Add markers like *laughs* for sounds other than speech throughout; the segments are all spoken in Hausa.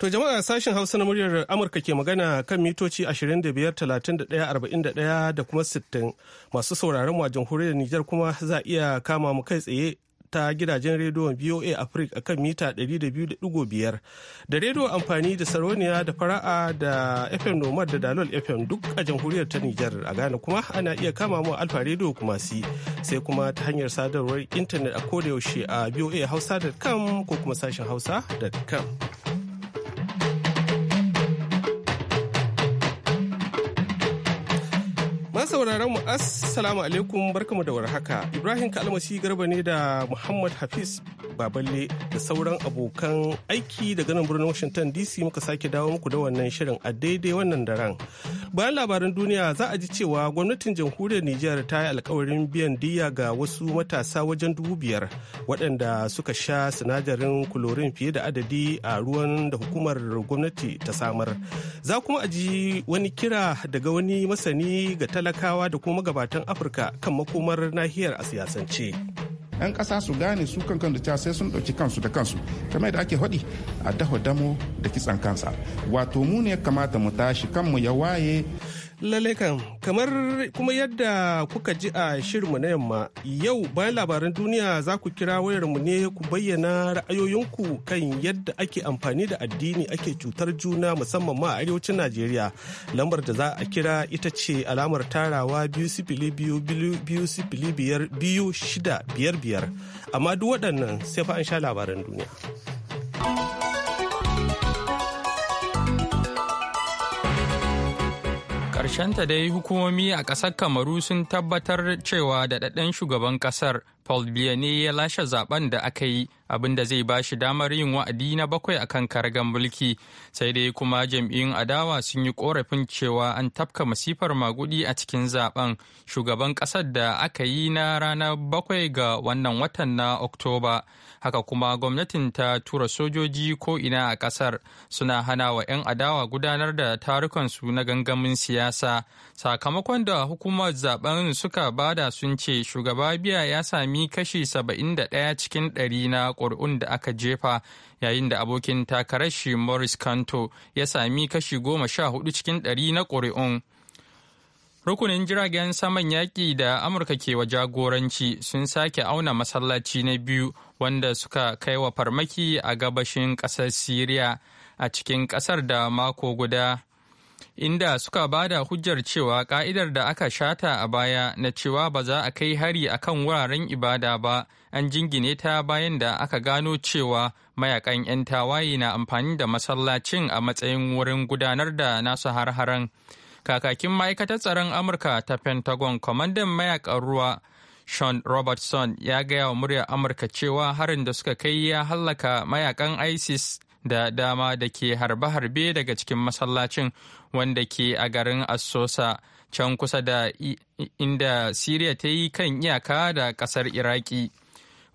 To jama'a sashen Hausa na muryar Amurka ke magana kan mitoci 25,31,41 da kuma 60 masu sauraron mu a jamhuriyar Nijar kuma za iya kama mu kai tsaye ta gidajen rediyon VOA Africa a kan mita 200.5 da rediyo amfani da sarauniya da fara'a da FM Nomad da Dalol FM duk a jamhuriyar ta Nijar a Ghana kuma ana iya kama mu Alfa rediyo kuma si sai kuma ta hanyar sadarwar intanet a kodayaushe a hausa.com ko kuma sashen hausa.com. sauraron mu assalamu alaikum barkamu da warhaka. Ibrahim Kalmasi Garba ne da Muhammad Hafiz Baballe da sauran abokan aiki daga nan birnin Washington DC muka sake dawo muku da wannan shirin a daidai wannan daren. bayan labaran duniya za a ji cewa gwamnatin jamhuriyar nijar ta yi alkawarin biyan diya ga wasu matasa wajen dubu biyar waɗanda suka sha sinadarin kulorin fiye da adadi a ruwan da hukumar gwamnati ta samar za kuma a ji wani kira daga wani masani ga talakawa da kuma magabatan afirka kan makomar nahiyar a siyasance. 'yan ƙasa su gane su kan kan da ta sai sun ɗauki kansu da kansu kamar da ake haɗi a daho damo da kitsan kansa wato mu ne kamata mu tashi kanmu ya waye Lale kan kamar kuma yadda kuka ji a shirinmu na yamma yau bayan labaran duniya za ku kira wayarmu ne ku bayyana ra'ayoyinku kan yadda ake amfani da addini ake cutar juna musamman ma a arewacin Najeriya. Lambar da za a kira ita ce alamar tarawa biyu sifili biyu biyu sifili biyar biyu shida biyar biyar. Amma duk waɗannan sai fa an sha labaran duniya. ta dai hukumomi a ƙasar kamaru sun tabbatar cewa daɗaɗɗen shugaban ƙasar Paul Biya ne ya lashe zaben da aka yi abinda zai ba shi damar yin wa'adi na bakwai akan karagan mulki sai dai kuma jam'iyyun adawa sun yi korafin cewa an tafka masifar magudi a cikin zaben shugaban kasar da aka yi na ranar bakwai ga wannan watan na oktoba haka kuma gwamnatin ta tura sojoji ko ina a kasar suna hana wa 'yan adawa gudanar da tarukansu na gangamin siyasa sakamakon da hukumar zaben suka bada sun ce shugaba biya ya sami sami kashi 71 cikin ɗari na ƙuri'un da aka jefa yayin da abokin takarar shi Morris Kanto ya sami kashi 14 cikin ɗari na ƙuri'un. Rukunin jiragen saman yaƙi da Amurka ke wa jagoranci sun sake auna masallaci na biyu wanda suka kai wa farmaki a gabashin ƙasar Siriya a cikin ƙasar da mako guda inda suka ba da hujjar cewa ƙa'idar da aka shata a baya na cewa ba za a kai hari a kan wuraren ibada ba an jingine ta bayan da aka gano cewa mayakan 'yan tawaye na amfani da masallacin a matsayin wurin gudanar da nasu har-haren kakakin ma'aikatar tsaron amurka ta pentagon kwamandan mayakan ruwa Sean Robertson ya gaya wa muryar Amurka cewa harin da suka kai ya hallaka mayakan ISIS da dama da ke harbe-harbe daga cikin masallacin wanda ke a garin assosa can kusa da inda siriya ta yi kan iyaka da ƙasar iraki.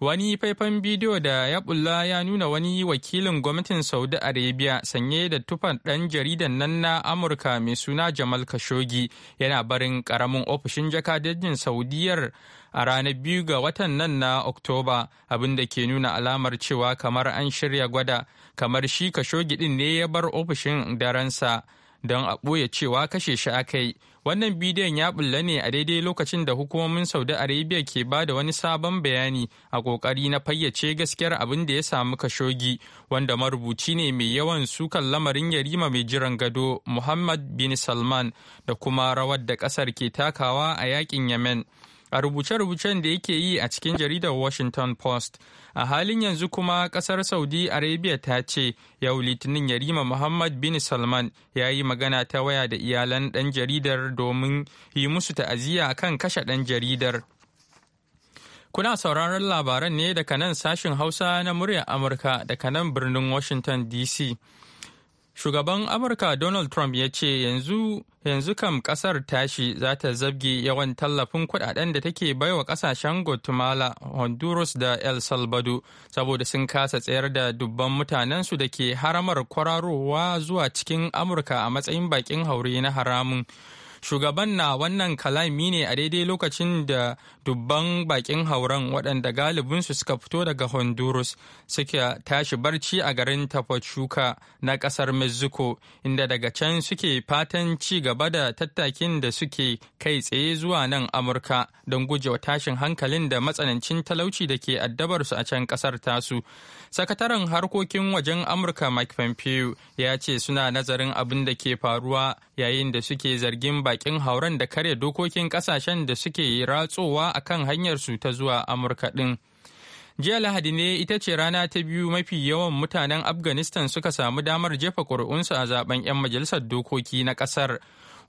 Wani faifan bidiyo da ya bulla ya nuna wani wakilin gwamnatin Saudi Arabia sanye da tufan ɗan jaridan nan na Amurka mai suna Jamal Khashoggi yana barin ƙaramin ofishin jakadajin Saudiyar a ranar biyu ga watan nan na Oktoba abinda ke nuna alamar cewa kamar an shirya gwada kamar shi Khashoggi ɗin ne ya bar ofishin daransa don a ɓoye cewa kashe shi akai. Wannan bidiyon ya bulla ne a daidai lokacin da hukumomin Saudi Arabia ke ba da wani sabon bayani a kokari na fayyace gaskiyar abin da ya samu kashogi, wanda marubuci ne mai yawan sukan lamarin yarima mai jiran gado Muhammad bin Salman da kuma rawar da kasar ke takawa a yakin Yemen. a rubuce-rubucen da yake yi a cikin jaridar Washington Post. A halin yanzu kuma kasar Saudi Arabia ta ce yau Litinin Yarima Muhammad bin Salman ya yi magana ta waya da iyalan ɗan jaridar domin yi musu ta'aziyya kan kashe ɗan jaridar. Kuna sauraron labaran ne daga nan sashin Hausa na muryar Amurka daga nan birnin Washington DC. Shugaban Amurka Donald Trump ya ce yanzu yanzu kam kasar tashi za ta zabge yawan tallafin kudaden da take baiwa kasashen Guatemala, Honduras da El Salvador saboda sun kasa tsayar da dubban mutanensu da ke haramar kwararowa zuwa cikin Amurka a matsayin bakin haure na haramun. Shugaban na wannan kalami ne a daidai lokacin da dubban bakin hauran waɗanda galibinsu suka fito daga Honduras suka tashi barci a garin Tapachuca na ƙasar Mexico, inda daga can suke fatan ci gaba da tattakin da suke kai tsaye zuwa nan Amurka don gujewa tashin hankalin da matsanancin talauci da ke addabarsu a can ƙasar tasu. sakataren harkokin wajen amurka mike pompeo ya ce suna nazarin abin da ke faruwa yayin da suke zargin bakin hauren da karya dokokin kasashen da suke ratsowa a kan hanyarsu ta zuwa amurka din jiya lahadi ne ita ce rana ta biyu mafi yawan mutanen afghanistan suka samu damar jefa ƙuri'unsu a zaben 'yan majalisar dokoki na ƙasar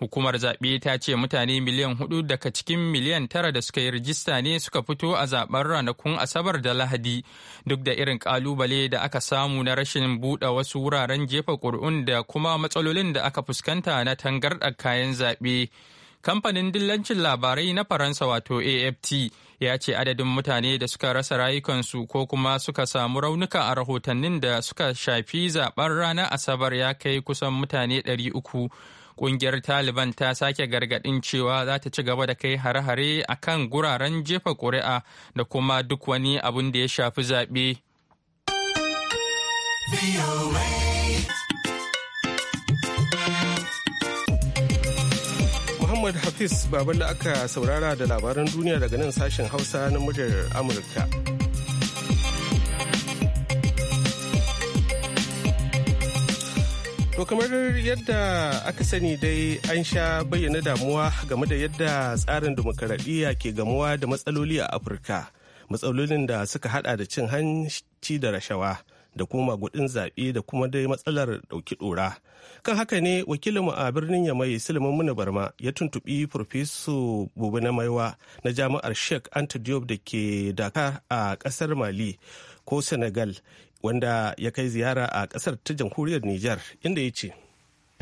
Hukumar zaɓe ta ce mutane miliyan hudu daga cikin miliyan tara da suka yi rijista ne suka fito a zaɓen ranakun Asabar da Lahadi duk da irin ƙalubale da aka samu na rashin buɗe wasu wuraren jefa ƙuri'un da kuma matsalolin da aka fuskanta na tangarɗar kayan zaɓe. kamfanin dillancin labarai na faransa wato aft ya ce adadin mutane da suka rasa rayukansu ko kuma suka samu raunuka a rahotannin da suka shafi zaben ranar asabar ya kai kusan mutane ɗari uku. Ƙungiyar Taliban ta sake gargadin cewa za ta ci gaba da kai hare-hare a kan guraren jefa ƙuri'a da kuma duk wani abin da ya shafi zaɓe. Muhammad Hafiz babal da aka saurara da labaran duniya daga nan sashen Hausa na muryar Amurka. To kamar yadda aka sani dai an sha bayyana damuwa game da yadda tsarin dimokuraɗiyya ke gamuwa da matsaloli a Afirka. Matsalolin da suka hada da cin hanci da rashawa da kuma gudun zaɓe da kuma dai matsalar ɗauki ɗora. Kan haka ne wakilinmu a birnin Yamai silimin Muna Barma ya tuntuɓi Profeso Bubu na Maiwa na jami'ar Sheikh Anta Diop da ke Dakar a ƙasar Mali ko Senegal wanda ya kai ziyara a kasar ta jamhuriyar Nijar inda ya ce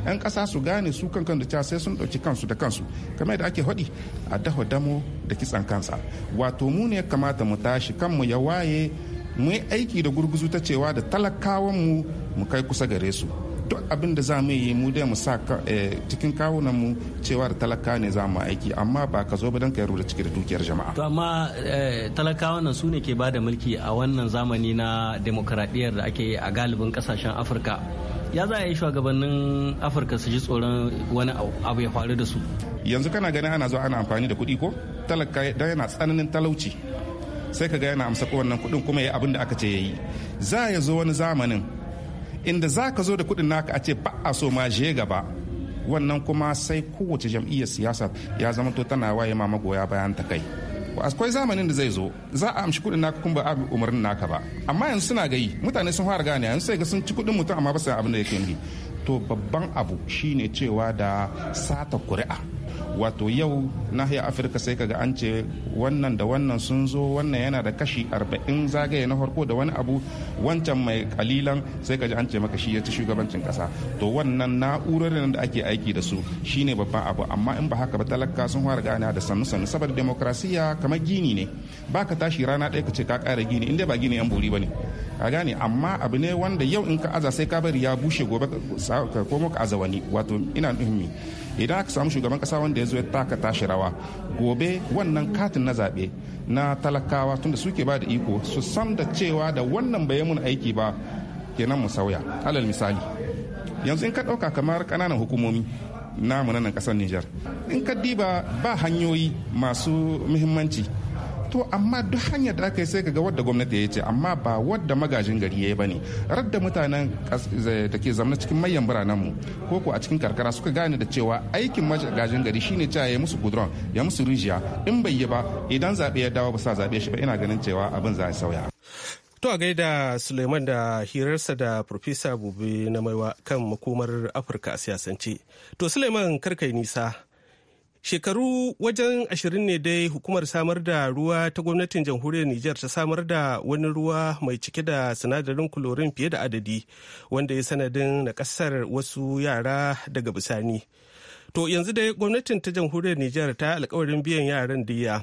'yan ƙasa su gane su kan da ta sai sun ɗauki kansu da kansu kamar da ake haɗi a dafa damo da kitsan kansa wato mu ne kamata mu tashi kanmu ya waye mu yi aiki da gurguzu ta cewa da talakawan mu mu kai kusa gare su duk abin da za mu yi mu dai mu sa eh, cikin kawunan mu cewa da talaka ne za mu aiki amma ba ka zo ba don ka yarda ciki da dukiyar jama'a to amma eh, talakawa nan su ne ke bada mulki a wannan zamani na demokradiyyar da ake a galibin kasashen afirka ya za a yi shugabannin afirka su ji tsoron wani abu ya faru da su yanzu kana ganin ana zuwa ana amfani da kuɗi ko talaka dan yana tsananin talauci sai ka ga yana amsa wannan kuɗin kuma ya abin da aka ce ya yi za ya zo wani zamanin inda za ka zo da kuɗin naka a ce ba a so ma je gaba wannan kuma sai kowace jam'iyyar siyasa ya zama to tana waye ma magoya bayan ta kai akwai zamanin da zai zo za a amshi kuɗin naka kuma ba a umarnin naka ba amma yanzu suna gayi mutane sun fara gane yanzu sai ga sun ci kudin mutum amma ba su abin da yake nufi to babban abu shine cewa da sata kuri'a wato yau nahiyar afirka sai kaga an ce wannan da wannan sun zo wannan yana da kashi 40 zagaye na farko da wani abu wancan mai kalilan sai kaji an ce maka shi ya ci shugabancin kasa to wannan na'urar da ake aiki da su shine babban abu amma in ba haka ba talaka sun fara gana da sannu sannu saboda demokrasiya kamar gini ne baka tashi rana ɗaya ka ce ka ƙara gini inda ba gini yan buri bane a gane amma abu ne wanda yau in ka aza sai ka bari ya bushe gobe ka komo ka aza wani wato ina nuhimmi idan aka samu shugaban kasa wanda ya zo ya taka tashi rawa gobe wannan katin na zaɓe na talakawa tunda suke ba da iko su san da cewa da wannan bai mun aiki ba kenan mu sauya alal misali yanzu in ka ɗauka kamar ƙananan hukumomi namu na nan ƙasar Nijar in ka diba ba hanyoyi masu muhimmanci to amma duk hanyar da aka yi sai kaga wadda gwamnati ya ce amma ba wadda magajin gari ya yi ba ne radda mutanen da ke zama cikin manyan biranen mu ko ko a cikin karkara suka gane da cewa aikin magajin gari shine cewa ya musu gudron ya musu rijiya in bai yi ba idan zaɓe ya dawo ba sa zaɓe shi ba ina ganin cewa abin za a sauya. To a gaida Suleiman da hirarsa da Profesa Bube na maiwa kan makomar Afirka a siyasance. To Suleiman karkai nisa Shekaru wajen ashirin ne dai hukumar samar da ruwa ta gwamnatin jamhuriyar Nijar ta samar da wani ruwa mai cike da sinadarin kulorin fiye da adadi wanda ya sanadin na kasar wasu yara daga bisani. To yanzu dai gwamnatin ta jamhuriyar Nijar ta alkawarin biyan yaran diya.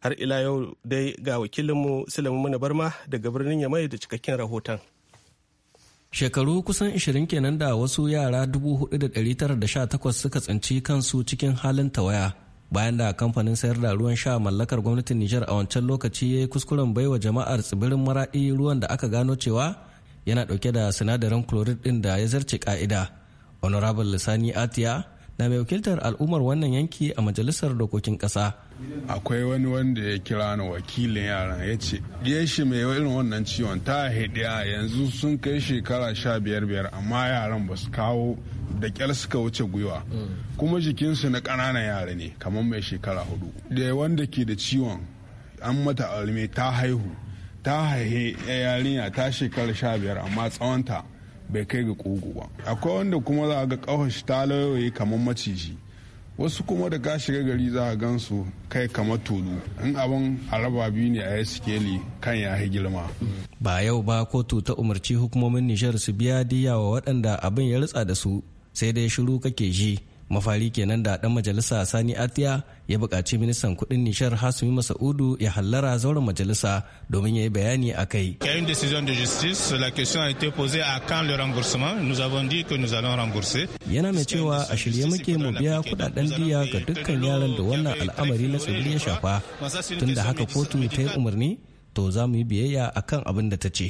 Har ila yau dai ga wakilinmu mana Barma daga birnin Yamai da cikakken rahoton. shekaru kusan 20 kenan da wasu yara 4,918 suka tsinci kansu cikin halin tawaya bayan da kamfanin sayar da ruwan sha mallakar gwamnatin nijar a wancan lokaci ya yi kuskuren baiwa jama'ar tsibirin maraɗi ruwan da aka gano cewa yana ɗauke da sinadarin chloride din da ya zarce ka'ida honorable lisani atiya na mai wakiltar al'ummar wannan yanki a majalisar dokokin Ƙasa. akwai wani wanda ya kira ni wakilin yaran ya ce Ya shi mai irin wannan ciwon ta a yanzu sun kai shekara sha biyar biyar amma yaran ba su kawo da kyar suka wuce gwiwa kuma jikinsu na ƙananan yara ne kamar mai shekara hudu da wanda ke da ciwon an mata alme ta haihu ta haihe yarinya ta shekara sha biyar amma tsawonta bai kai ga ƙugu ba akwai wanda kuma za ga ƙafashi ta lauyoyi kamar maciji wasu kuma da ka shiga gari za a gansu kai kamar tulu in abin araba biyu ne a yi sikeli kan ya yi girma. ba yau ba kotu ta umarci hukumomin nijar su biya diya wa waɗanda abin ya ritsa da su sai dai shiru kake ji mafari kenan da dan majalisa sani atiya ya buƙaci ministan kudin nishar hasumi masaudu ya hallara zauren majalisa domin ya yi bayani a kai une décision de justice la question a été posée à le remboursement nous avons dit que nous allons rembourser yana mai cewa a shirye muke mu biya kudaden diya ga dukkan yaran da wannan al'amari na tsibiri ya shafa tunda haka kotu ta yi umarni to za mu yi biyayya a kan abin da ta ce.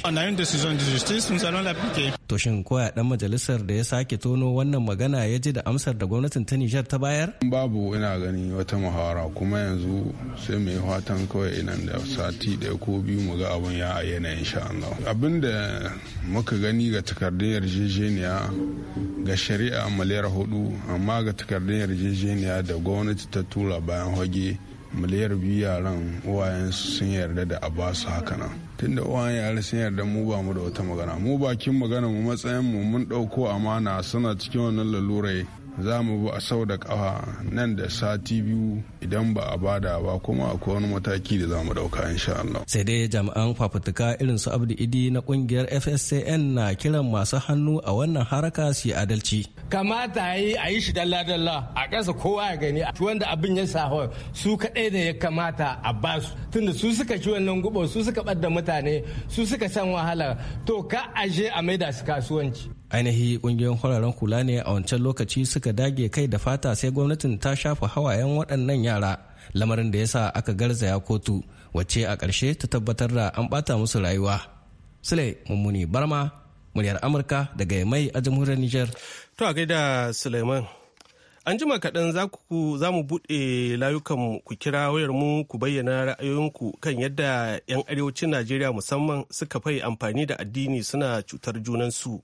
To shin koya dan majalisar da ya sake tono wannan magana ya ji da amsar da gwamnatin ta Nijar ta bayar? Babu ina gani wata muhawara kuma yanzu sai mai fatan kawai inan da sati ɗaya ko biyu mu ga abin ya ayyana yanayin Allah. Abin da muka gani ga takardun yarjejeniya ga shari'a miliyar hudu amma ga takardun yarjejeniya da gwamnati ta tura bayan hoge miliyar biyu yaran uwayen sun yarda da a basu haka nan tunda uwayen yaran sun yarda mu ba mu da wata magana mu bakin magana mu matsayin mu mun ɗauko amana suna cikin wannan lalurai za mu bi a sau da kawa nan da sati biyu idan ba a bada ba kuma akwai wani mataki da za mu ɗauka insha Allah. Sai dai jami'an fafutuka irin su Abdu Idi na kungiyar FSCN na kiran masu hannu a wannan haraka su yi adalci. Kamata yi a yi shi dalla-dalla a ƙasa kowa ya gani a wanda abin ya sahu su kaɗai ne ya kamata a basu tunda su suka ci wannan gubo su suka ɓadda mutane su suka san wahala to ka aje a maida su kasuwanci. ainihi kungiyoyin kwararren kula ne a wancan lokaci suka dage kai da fata sai gwamnatin ta shafa hawayen waɗannan yara lamarin da ya sa aka garzaya kotu wacce a ƙarshe ta tabbatar da an ɓata musu rayuwa sule mummuni barma muryar amurka daga mai a jamhuriyar niger to a gaida suleiman an jima kaɗan za mu buɗe layukan ku kira wayar mu ku bayyana ra'ayoyinku kan yadda 'yan arewacin najeriya musamman suka fai amfani da addini suna cutar junansu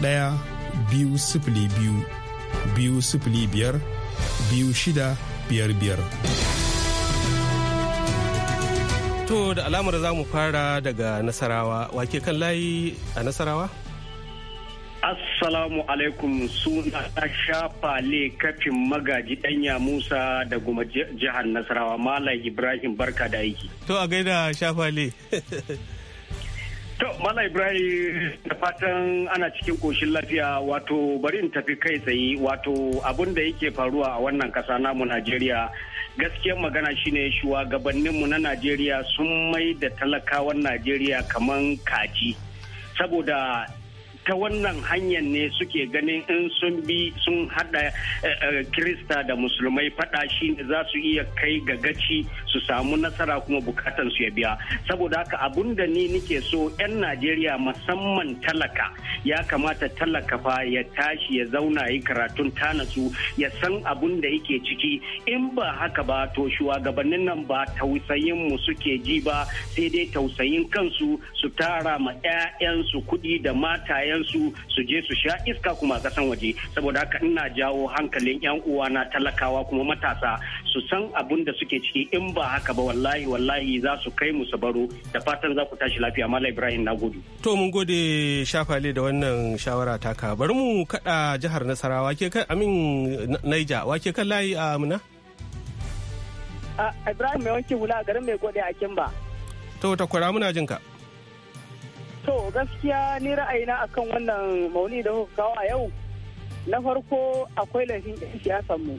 ɗaya biyu sifili biyu biyu sifili biyar biyu shida biyar biyar. To da alamar za mu fara daga Nasarawa, wake kan layi a Nasarawa? Assalamu alaikum suna ta shafa le kafin magaji danya Musa da goma jihar Nasarawa Malam Ibrahim barka da aiki. To a gaida shafa le. *laughs* To, Mala Ibrahim da fatan ana cikin koshin lafiya wato bari in tafi kai tsaye wato abin da yake faruwa a wannan ƙasa namu Najeriya. Gaskiyar magana shine shugabanninmu na Najeriya sun mai da talakawan Najeriya kaman kaji. Saboda ta wannan hanyar ne suke ganin in sun bi sun hada eh, eh, kirista da musulmai fada shi za su iya kai ga gaci su samu nasara kuma bukatan su ya biya saboda haka abun da ni nike so 'yan najeriya musamman talaka ya kamata talaka fa ya tashi ya zauna yi karatun tanasu ya san abun da yake ciki in ba haka ba to shugabannin nan ba tausayin mu suke ji ba sai dai tausayin kansu su tara ma 'ya'yansu kuɗi da mataye 'ya'yansu su je su sha iska kuma kasan waje saboda haka ina jawo hankalin 'yan uwa na talakawa kuma matasa su san abin da suke ciki in ba haka ba wallahi wallahi za su kai mu su baro da fatan za ku tashi lafiya mala ibrahim na gode to mun gode shafale da wannan shawara taka bari mu kada jihar nasarawa ke kan amin naija wake kan layi uh, a amina. Ah, ibrahim mai wanke wula garin mai gode a kimba to ta kwara muna jinka To gaskiya ni ra'ayina akan wannan mauni da kuka kawo a yau na farko akwai laifin 'yan siyasanmu.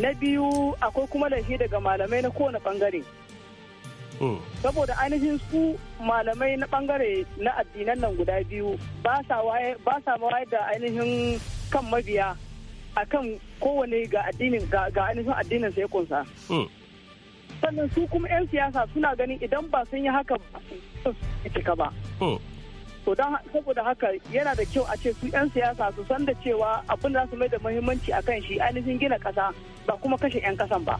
Na biyu akwai kuma laifi daga malamai na kowane bangare. Hmm. Saboda ainihin su malamai na bangare na addinan nan guda biyu ba sa waye da ainihin kan mabiya akan kowane ga ga ainihin addinin sai kunsa. sannan su kuma 'yan siyasa suna ganin idan ba sun yi haka ba su cika ba to don saboda haka yana da kyau a ce su 'yan siyasa su san da cewa abin da su mai da muhimmanci a kan shi ainihin gina kasa ba kuma kashe 'yan kasan ba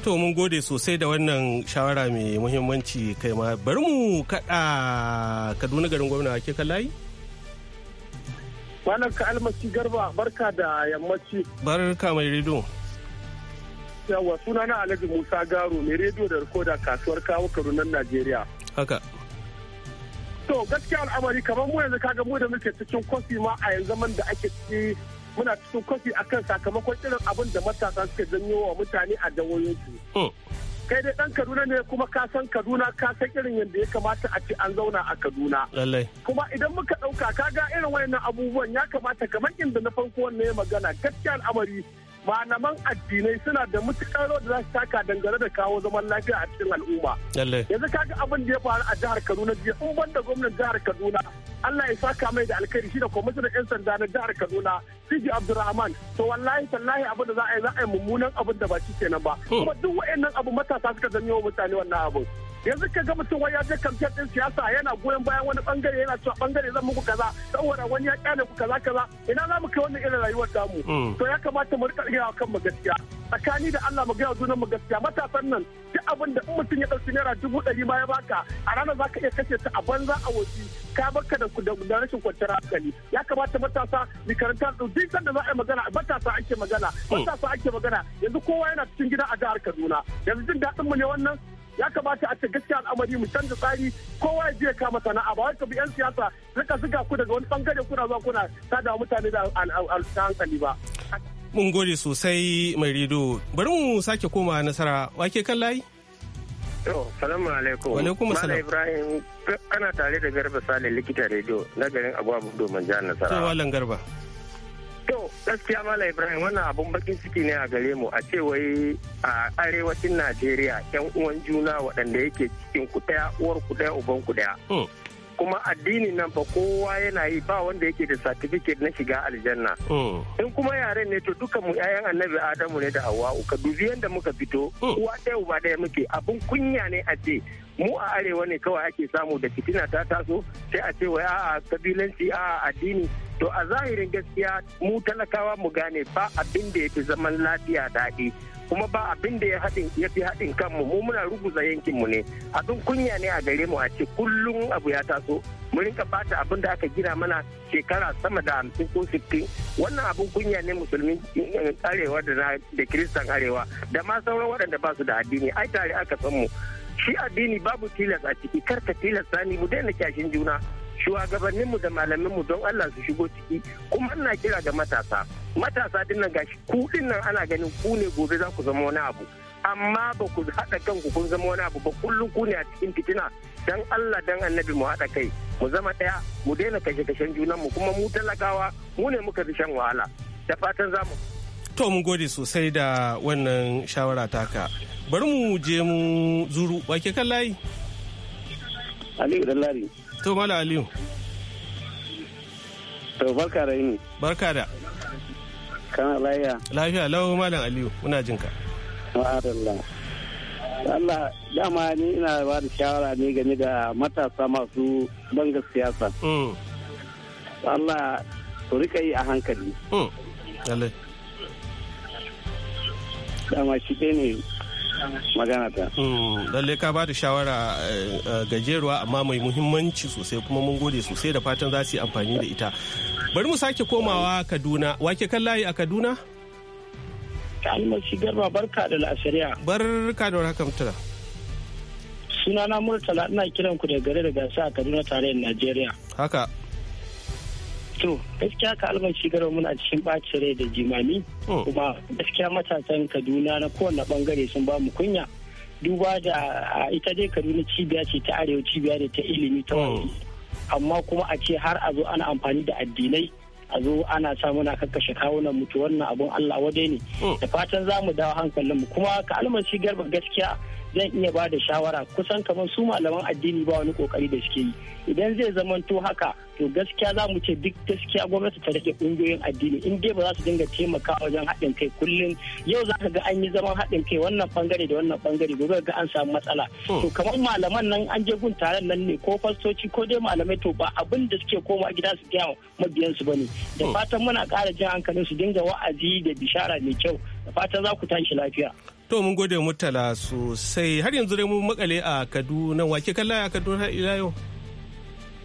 to mun gode sosai da wannan shawara mai muhimmanci kai ma bari mu kada kaduna garin gwamna ke layi. Wannan ka almasi garba barka da yammaci. Barka mai rido. yawa suna na Alhaji Musa Garo mai rediyo da rikoda kasuwar kawo Kaduna Najeriya. Haka. To gaskiya al'amari kamar mu yanzu kaga mu da muke cikin kofi ma a yanzu man da ake ci muna cikin kofi akan sakamakon irin abin da matasa suke janyo wa mutane a jawoyinsu. Kai dai ɗan Kaduna ne kuma ka san Kaduna ka san irin yadda ya kamata a ce an zauna a Kaduna. Lallai. Kuma idan muka ɗauka kaga irin wayannan abubuwan ya kamata kamar inda na farko wannan ya magana gaskiya al'amari malaman addinai suna da mutukar rawar da za su taka dangane da kawo zaman lafiya a cikin al'umma. Yanzu kaga abin da ya faru a jihar Kaduna jiya in banda gwamnan jihar Kaduna Allah ya saka mai da alkhairi shi da kwamishinan 'yan sanda na jihar Kaduna Sidi Abdulrahman to wallahi tallahi abin da za a yi za a yi mummunan abin da ba shi kenan ba. Hmm. Kuma duk wa'annan abu matasa suka zanyo wa mutane wannan abin. yanzu ka ga mutum wai ya je kamfen din siyasa yana goyon bayan wani bangare yana cewa bangare zan muku kaza saboda wani ya kyale ku kaza kaza ina za mu kai wannan irin rayuwar damu mm. to ya kamata mu rika gaya kan mu gaskiya tsakani da Allah mu gaya junan mu gaskiya matasan nan duk abin da in mutum ya dauki naira dubu ɗari ma ya baka a ranar zaka iya kashe ta a banza a waje ka baka da da rashin kwanciyar hankali ya kamata matasa ni karanta duk sanda za a yi magana matasa ake magana mm. matasa ake magana yanzu kowa yana cikin gida a jihar Kaduna yanzu jin daɗin mu ne wannan ya kamata a ce gaskiya al'amari mu canza tsari kowa ya je kama sana'a ba wai ka bi yan siyasa rika zuga ku daga wani bangare kuna zuwa kuna tada mutane da hankali ba. Mun gode sosai mai rido bari mu sake koma nasara wake kan layi. salamu alaikum. Wa alaikum salam. Ibrahim kana tare da Garba Sale likita rediyo na garin Abu Abu Domin Jihar Nasarawa. To, Garba. To gaskiya Mala Ibrahim wannan abun bakin ciki ne a gare mu a ce wai a arewacin Najeriya yan uwan juna waɗanda yake cikin ku ɗaya uwar ku ɗaya uban ku ɗaya. Hmm. Kuma addini nan fa kowa yana yi ba wanda yake da satifiket na shiga aljanna. Hmm. In kuma yaren ne to dukan mu 'ya'yan Annabi Adamu ne da Hawwa'u ka dubi yanda muka fito hmm. uwa ɗaya uba ɗaya muke abun kunya ne a ce mu a arewa ne kawai ake samu da fitina ta taso sai a ce wai a'a kabilanci a'a addini to a zahirin gaskiya mu talakawa mu gane ba abin da ya fi zaman lafiya daɗi kuma ba abin da ya fi haɗin kanmu mu muna ruguza yankinmu ne abin kunya ne a gare mu a ce kullum abu ya taso mu rinka bata abin da aka gina mana shekara sama da hamsin ko sittin wannan abin kunya ne musulmi arewa da da kiristan arewa da ma sauran waɗanda ba su da addini ai tare aka san mu shi addini babu tilas a ciki karka tilasta ni mu daina kyashin juna shugabanninmu da malaminmu don Allah su shigo ciki kuma ina kira ga matasa matasa nan gashi ku nan ana ganin ku ne gobe za ku zama wani abu amma ba ku haɗa kanku kun zama wani abu ba kullum ku ne a cikin fitina dan Allah dan annabi mu haɗa kai mu zama ɗaya mu daina kashe kashen junanmu kuma mu talakawa mu ne muka fi shan wahala da fatan zamu. To mun gode sosai da wannan shawara taka bari mu je mu zuru wake kan layi. Aliyu Dallari. To Mala Aliyu. To barka da yini. Barka da. Kana lafiya. Lafiya lau Malam Aliyu muna jin ka. Ma'adallah. Allah dama ni ina ba da shawara ne game da matasa masu banga siyasa. Mm. Allah su rika yi a hankali. Mm. Dama shi ne magana ta hmm, lalle ka ba da shawara eh, eh, gajeruwa amma mai muhimmanci sosai kuma mun gode sosai da fatan za su yi amfani da ita bari mu sake komawa kaduna wake kan layi a kaduna almasi garba barka da la'asariya barka da warhakan tura sunana murtala ina kiran ku da gare da gasa a kaduna tarayyar najeriya haka To, gaskiya ka alban shigarwa muna cikin ɓacin rai da jimami, oh. kuma gaskiya matasan Kaduna na kowane bangare sun ba mu kunya. Duba da ita dai Kaduna cibiya ce ta arewa cibiya da ta ilimi ta wani. Oh. Amma kuma a ce har a zo ana amfani da addinai a zo ana sa muna kakkashe kawunan mutu wannan abun Allah wadai ne. Oh. Da fatan za mu dawo hankalin mu kuma ka alman garba gaskiya zan iya ba da shawara kusan kamar su malaman addini ba wani kokari da suke yi idan zai zamanto haka to gaskiya za mu ce duk gaskiya gwamnati ta rike kungiyoyin addini in dai ba za su dinga taimaka wajen haɗin kai kullum yau za ka ga an yi zaman haɗin kai wannan bangare da wannan bangare gobe ga an samu matsala hmm. to kamar malaman nan an je gun taron nan ne ko fastoci ko dai malamai to ba abin da suke koma gida su gaya mabiyan su ne da hmm. fatan muna ƙara jin hankalin su dinga wa'azi da bishara mai kyau da fatan za ku tashi lafiya to mun gode mutala sosai har yanzu dai mun makale a kaduna wake kalla a kaduna ila yau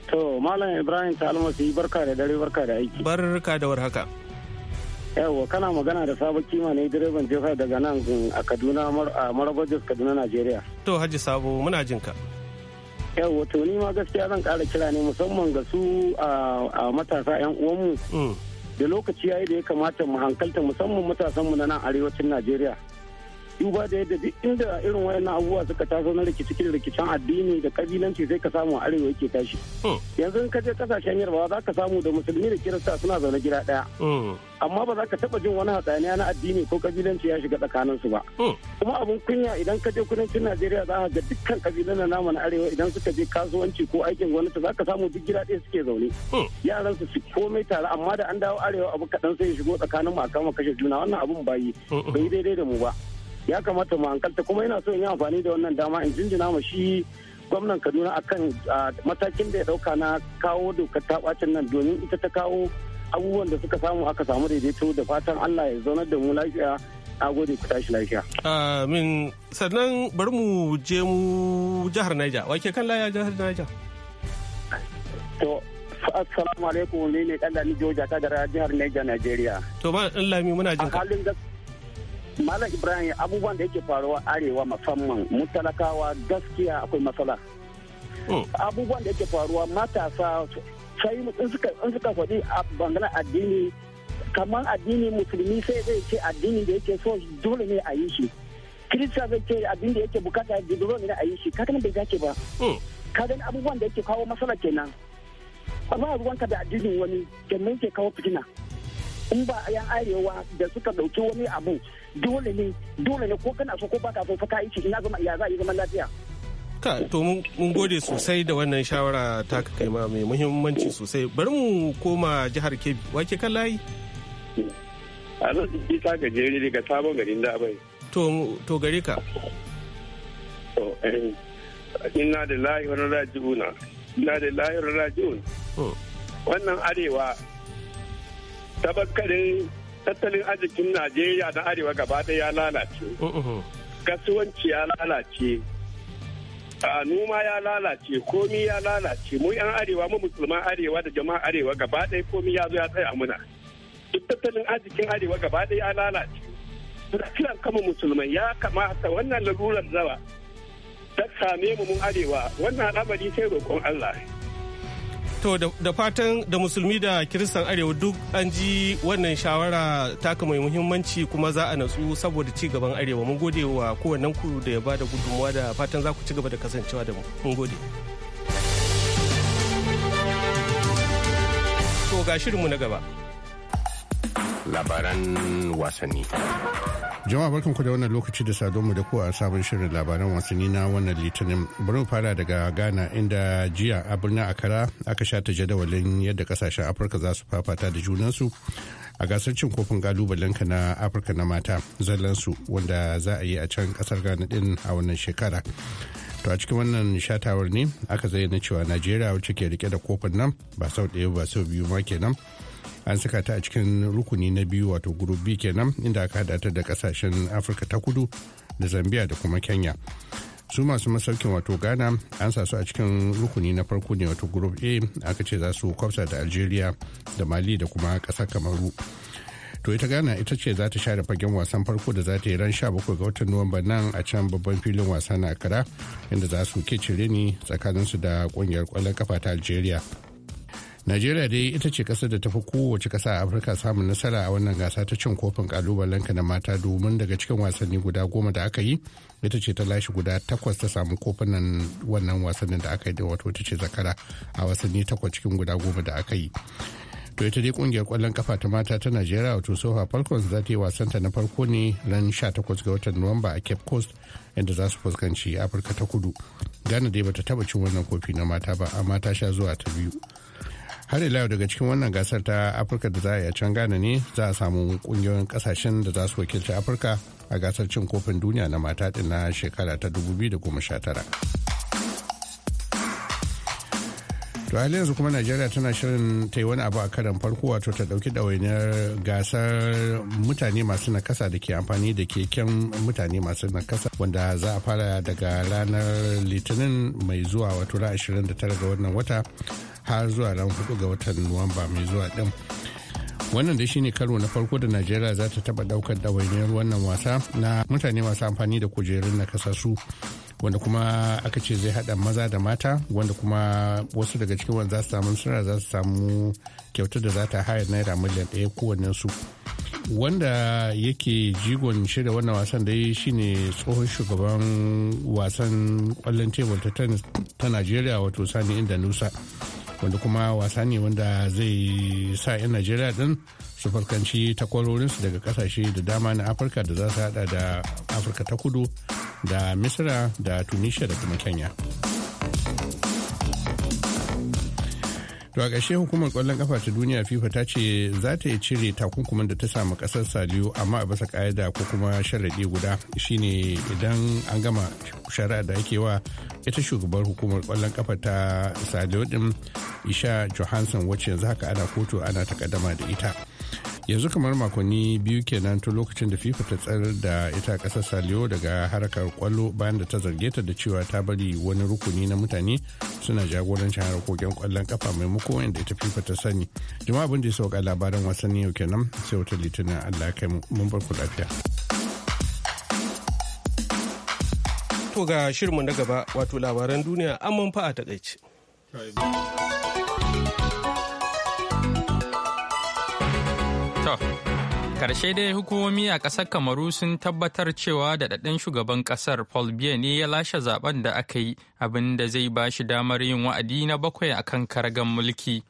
to malam ibrahim yi barka da dare barka da aiki barka da warhaka yawwa kana magana da sabon kima ne direban jefa daga nan a kaduna a marabajas kaduna najeriya to hajji sabo muna jinka yawwa to ni ma gaskiya zan kara kira ne musamman ga su a matasa yan uwanmu mm. da lokaci ya yi da ya kamata mu hankalta musamman matasanmu na nan arewacin najeriya duba da yadda duk inda irin wayannan abubuwa suka taso na rikici rikicin addini da kabilanci sai ka samu arewa yake tashi hmm. yanzu in ka je kasashen yarbawa za ka samu da musulmi da kirista suna zaune gida daya hmm. amma ba za ka taba jin wani hatsaniya na addini ko kabilanci ya shiga tsakanin su ba hmm. kuma abun kunya idan ka je kudancin najeriya za ka ga dukkan kabilan na namu na arewa idan suka je kasuwanci ko aikin gwamnati za ka samu duk gida ɗaya suke zaune yaran su su komai tare amma da an dawo arewa abu kaɗan sai ya shigo tsakanin mu a kama kashe juna wannan abun bayi bai daidai da mu ba ya kamata mu hankalta kuma yana so in yi amfani da wannan dama in jinjina mu shi gwamnan kaduna akan matakin da ya dauka na kawo dokar ta bacin nan domin ita ta kawo abubuwan da suka samu aka samu daidaito da fatan allah ya zaunar da mu lafiya a gode ku tashi lafiya amin sannan bari mu je mu jihar naija wake kan laya jihar naija to assalamu alaikum ne ne kallani joja ta da jihar naija nigeria to ba in lami muna jin ka Malam Ibrahim abubuwan da yake faruwa arewa musamman mutalakawa gaskiya akwai matsala. Oh. Abubuwan da yake faruwa matasa sai in suka faɗi a bangaren addini kamar addini musulmi sai zai ce addini da yake so dole ne a yi shi. Kirista zai ce addini da yake bukata dole ne a yi shi kakan bai dace ba. Oh. Kadan abubuwan da yake kawo matsala kenan. Amma ruwanka da addinin wani kenan ke kawo fitina. in ba yan arewa da suka dauki wani abu dole ne dole ne ko kana so ko baka so fa ka yi ina zama ya za yi zaman lafiya ka to mun gode sosai da wannan shawara ta kai ma mai muhimmanci sosai bari mu koma jihar Kebbi wake kan layi a zan ta gajere daga sabon garin da abai to to gare ka to eh inna da lahi wa raji'una inna da lahi wa raji'un hmm. wannan arewa tabakarin tattalin arzikin najeriya na arewa gaba ɗaya ya lalace kasuwanci ya lalace anuma noma ya lalace komi ya lalace mu yan arewa mu musulman arewa da jama'a arewa gaba ɗaya komi ya zo ya tsaya muna duk tattalin arzikin arewa gaba ɗaya ya lalace kiran kama musulmai ya kamata wannan lalurar zawa ta same mu mun arewa wannan al'amari sai roƙon Allah To da fatan da musulmi da kiristan arewa duk an ji wannan shawara taka mai muhimmanci kuma za a natsu saboda ci gaban arewa mun gode wa kowannen ku da ya bada gudunmuwa da fatan za ku ci gaba da kasancewa da mu mun gode. To ga shirinmu na gaba. Labaran wasanni. Jama'a barkanku da wannan lokaci da mu da ku a sabon shirin labaran wasanni na wannan litinin. Bari mu fara daga Ghana inda jiya a birnin Akara aka shata jadawalin yadda kasashen Afirka za su fafata da junansu a gasar cin kofin kalubalen ka na Afirka na mata su wanda za a yi a can kasar Ghana din a wannan shekara. To a cikin wannan shatawar ne aka zayyana cewa Najeriya wacce ke rike da kofin nan ba sau ɗaya ba sau biyu ma kenan. an saka ta a cikin rukuni na biyu wato group b kenan inda aka hada ta da kasashen afirka ta kudu da zambia da kuma kenya su masu masaukin wato ghana an sa a cikin rukuni na farko ne wato group a aka ce za su kwafsa da algeria da mali da kuma kasar kamaru to ita ghana ita ce za ta share fagen wasan farko da za ta yi ran 17 ga watan nuwamba nan a can babban filin wasa na akara inda za su ke cire ni tsakaninsu da kungiyar kwallon kafa ta algeria najeriya dai ita ce kasar da ta fi kowace kasa a afirka samun nasara a wannan gasa ta cin kofin kalubalenka na mata domin daga cikin wasanni guda goma da aka yi ita ce ta lashe guda takwas ta samu kofunan wannan wasannin da aka yi wato ta ce zakara a wasanni takwas cikin guda goma da aka yi to ita dai kungiyar kwallon kafa ta mata ta najeriya wato sofa falcons za ta yi wasanta na farko ne ran 18 ga watan nuwamba a cape coast inda za su fuskanci afirka ta kudu ghana dai bata taba cin wannan kofi na mata ba amma ta sha zuwa ta biyu har ila daga cikin wannan gasar ta afirka da za a yi a can ghana ne za a samu kungiyoyin kasashen da za su wakilci afirka a gasar cin kofin duniya na mata din na shekara ta 2019 to yanzu kuma najeriya tana shirin ta yi wani abu a karan farko wato ta dauki ɗawainiyar gasar mutane masu nakasa da ke amfani da keken mutane masu nakasa wanda za a fara daga ranar litinin mai zuwa wato ra 29 ga wannan wata har zuwa ran hudu ga watan nuwamba mai zuwa din wannan da shine karo na farko da najeriya za ta taba daukar ɗawainiyar wannan wasa na mutane masu amfani da kujerun na kasasu wanda kuma aka ce zai hada maza da mata wanda kuma wasu daga cikin wanda za su samu suna za su samu kyautar da za ta haya naira miliyan ɗaya kowannen su wanda yake jigon shirya wannan wasan da ya shine tsohon shugaban wasan kwallon tebur ta tennis ta najeriya wato sani inda nusa wanda kuma wasa ne wanda zai sa 'yan najeriya din su farkanci takwarorinsu daga kasashe da dama na afirka da za su hada da afirka ta kudu da misira da tunisia da kuma kenya to a ƙarshe hukumar ƙwallon kafa ta duniya fifa ta ce za ta yi cire takunkumin da ta samu ƙasar saliyo amma a bisa ƙa'ida ko kuma sharaɗi guda shine idan an gama shari'a da ake wa ita shugabar hukumar ƙwallon ƙafa ta saliyo din isha johansson wacce yanzu haka ana kotu ana takaddama da ita yanzu kamar makonni biyu kenan tun lokacin da fifa ta da ita kasar saliyo daga harkar kwallo bayan da ta zarge ta da cewa ta bari wani rukuni na mutane suna jagorancin harkokin kwallon kafa maimako yadda ita fifa ta sani jama'a abin da ya sauka labaran wasanni yau kenan sai wata litinin allah kai mun barku lafiya to ga shirinmu na gaba wato labaran duniya an manfa a takaice Karshe dai hukumomi a ƙasar Kamaru sun tabbatar cewa daɗaɗɗen shugaban ƙasar Paul Biya ne ya lashe zaben da aka yi abin da zai ba shi damar yin wa'adi na bakwai a kan kargan mulki.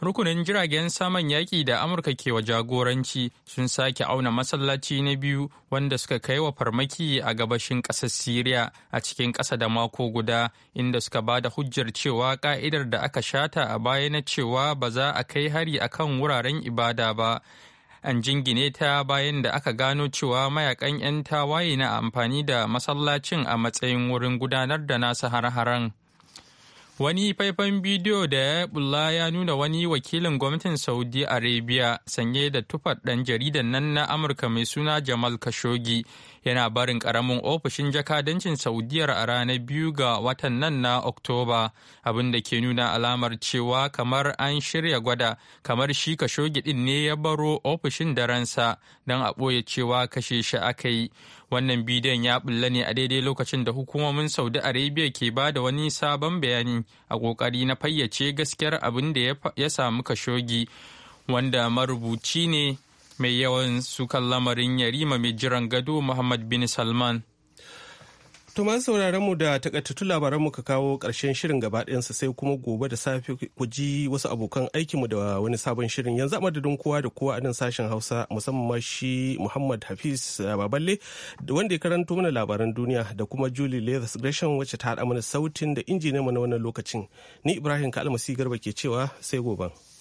Rukunin jiragen saman yaƙi da Amurka ke wa jagoranci sun sake auna masallaci na biyu wanda suka kai wa farmaki a gabashin ƙasar Siriya a cikin ƙasa da mako guda inda suka ba da hujjar cewa ƙa'idar da aka shata a baya na cewa ba za a kai hari a kan wuraren ibada ba. an jingine ta bayan da aka gano cewa mayakan 'yan tawaye na amfani da masallacin a matsayin wurin gudanar da nasu har-haren. Wani faifan bidiyo da ya bulla ya nuna wani wakilin gwamnatin Saudi Arabia sanye da tufar ɗan jaridan nan na Amurka mai suna Jamal Khashoggi yana barin ƙaramin ofishin jakadancin Saudiyar a ranar biyu ga watan nan na Oktoba, abin da ke nuna alamar cewa kamar an shirya gwada kamar shi Khashoggi ɗin ne ya baro ofishin da ransa don a ɓoye cewa kashe shi aka yi. Wannan bidiyon ya bulla ne a daidai lokacin da hukumomin Saudi Arabia ke ba da wani sabon bayani a kokari na fayyace gaskiyar abin da ya samu kashogi wanda marubuci ne mai yawan sukan lamarin yarima mai jiran gado Muhammad bin Salman. Tuma sauraron mu da takaitattu labaran ka kawo ƙarshen shirin gaba ɗayansa sai kuma gobe da safe ku ji wasu abokan aikin mu da wani sabon shirin yanzu a madadin kowa da kowa a nan sashen Hausa musamman shi Muhammad Hafiz eh, Baballe wanda ya karanto mana labaran duniya da kuma Julie Leather Gresham wacce ta haɗa mana sautin da injiniyan mu na wannan lokacin. Ni Ibrahim Kalmasi Garba ke cewa sai gobe.